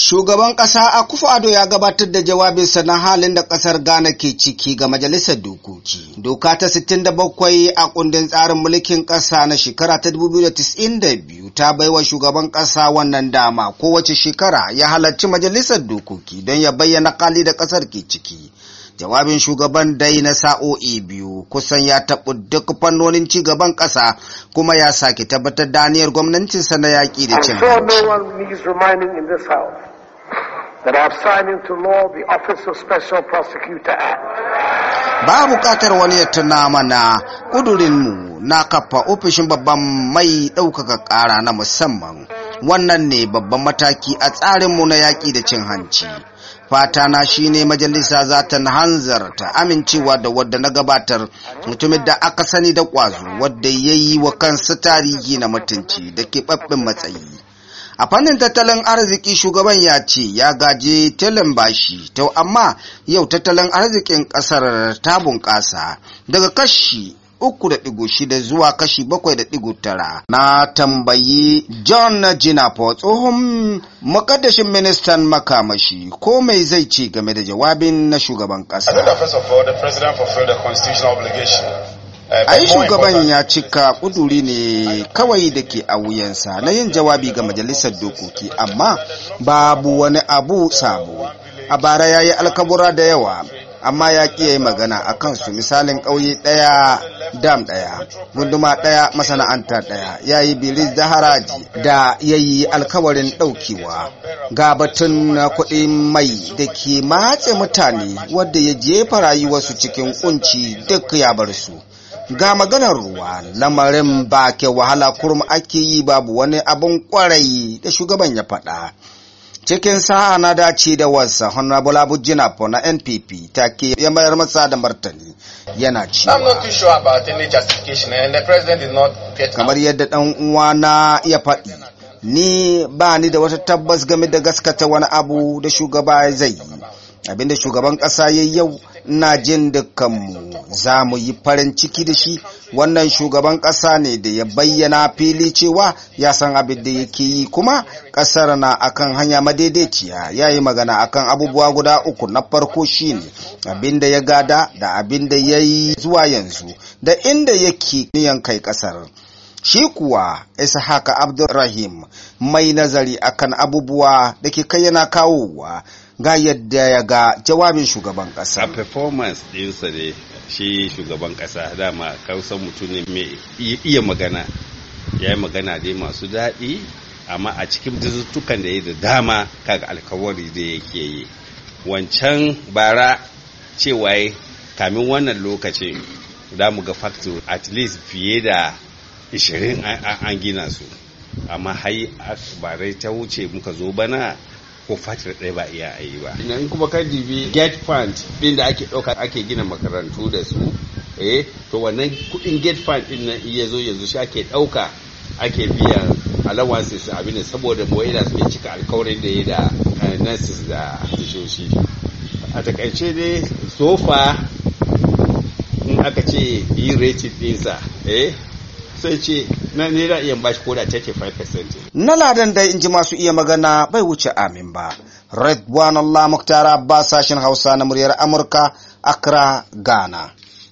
Shugaban ƙasa Akufo Ado ya gabatar da jawabinsa na halin da ƙasar Ghana ke ciki ga Majalisar Dokoki. Doka ta 67 a kundin tsarin mulkin ƙasa na shekara ta 2092 ta baiwa shugaban ƙasa wannan dama kowace shekara ya halarci Majalisar Dokoki don ya bayyana kali da ƙasar ke ciki. Jawabin shugaban dai na sa'o'i biyu kusan ya taɓu duk fannonin ci gaban ƙasa kuma ya sake tabbatar da aniyar gwamnatinsa na yaƙi da cin Ba buƙatar wani ya tuna mana ƙudurinmu na kafa ofishin babban mai ɗaukaka ƙara na musamman. wannan ne babban mataki a tsarinmu na yaƙi da cin hanci fata na shine majalisa za ta hanzarta amincewa da wadda na gabatar mutumin da aka sani da ƙwazo wadda ya yi wa kansa tarihi na mutunci da keɓaɓɓen matsayi a fannin tattalin arziki shugaban ya ce ya gaje talin bashi to amma yau tattalin arzikin ƙasar ta bunƙasa daga kashi uku da shida zuwa kashi bakwai tara. Na tambayi John jinapo tsohon makaddashin ministan makamashi ko mai zai ce game da jawabin na shugaban ƙasa. yi uh, shugaban ya cika kuduri ne kawai da ke a wuyansa na yin jawabi ga majalisar dokoki amma babu wani abu sabo a bara ya yi alkabura da yawa amma ya ƙi magana a kansu misalin ƙauye ɗaya dam ɗaya gunduma ɗaya masana'anta ɗaya ya yi bilis da haraji da ya yi alkawarin ɗaukewa ga batun kuɗi mai da ke matse mutane wadda ya jefa rayuwarsu cikin kunci duk ya bar su ga maganar ruwa lamarin ba ke wahala kurum ake yi babu wani abin kwarai da shugaban ya faɗa cikin sa'a na dace da wasa honorable abu jinapo na npp ta ke ya masa da martani yana ci kamar yadda dan uwa na ya faɗi ni ba ni da wata tabbas game da gaskata wani abu da shugaba zai yi abinda shugaban ƙasa ya yau ina jin dukkanmu za mu yi farin ciki da shi wannan shugaban ƙasa ne da ya bayyana fili cewa ya san abin da yake yi kuma ƙasar na akan hanya madaidaiciya ya yi magana akan abubuwa guda uku na farko shine abin da ya gada da abin da ya yi zuwa yanzu da inda yake niyan kai ƙasar shi kuwa ishaq abdulrahim mai nazari akan abubuwa da ke kai yana kawowa ga yadda ya ga jawabin shugaban kasa. A performance ɗinsa ne shi shugaban kasa dama kausan mutum ne mai iya magana. Ya yi magana dai masu daɗi amma a cikin dazuzzukan da ya da dama kaga alkawari da yake yi. Wancan bara cewa kamin wannan lokacin da mu ga factory at least fiye da 20 an gina su. amma har barai ta wuce muka zo bana ko fatir ɗaya ba iya a yi ba in kuma ka dibi gate fund ɗin da ake ɗauka ake gina makarantu da su eh to wannan kuɗin gate fund ɗin nan iya zo yanzu shi ake ɗauka ake biya allowances abin da saboda moyila su cika alkawarin da ya da eh, nurses da tashoshi a takaice dai sofa in aka ce yi rated ɗinsa eh sai ce na nera iya bashi ko da take 5% na ladan dai in ji masu iya magana bai wuce amin ba Redwan Allah muktara Abbas sashin Hausa na muryar Amurka Accra Ghana